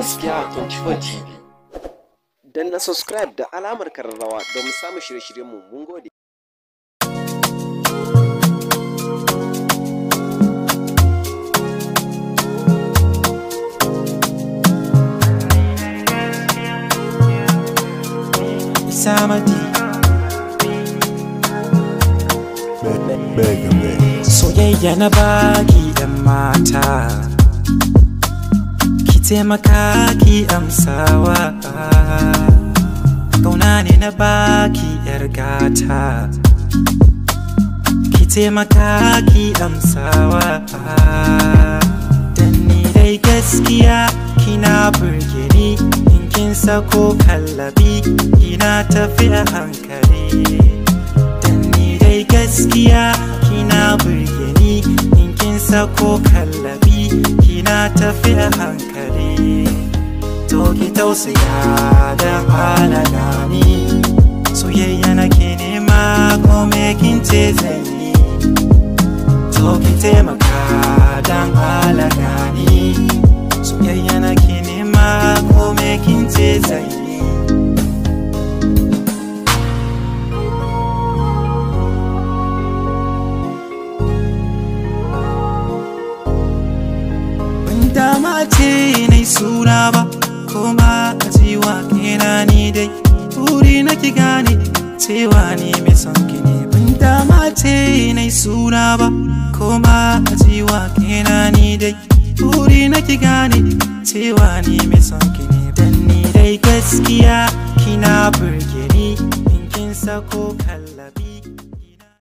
gaskiya 24 TV. Dan na subscribe da alamar kararrawa don samu shirye shiryen mu mun gode. Samadi. Soyayya na baki da mata. taimaka ki amsawa kauna ne na baki yar gata ki taimaka ki amsawa dan ni dai gaskiya kina burge ni in kin sako kallabi kina tafi a hankali dan ni dai gaskiya kina burge ni in kin sako kallabi kina tafi a hankali tausaya da hana ni soyayya nake nema ko me ce zan to ki taimaka dan halala ni soyayya nake nema ko me ce zan dama ce nai suna ba ni dai turi na ki gane cewa ni mai son ki ne ban dama ce na suna ba kuma a jiwa kena ni dai turi na ki gane cewa ni mai son ki ne dan ni dai gaskiya kina burge ni in kin sako kallabi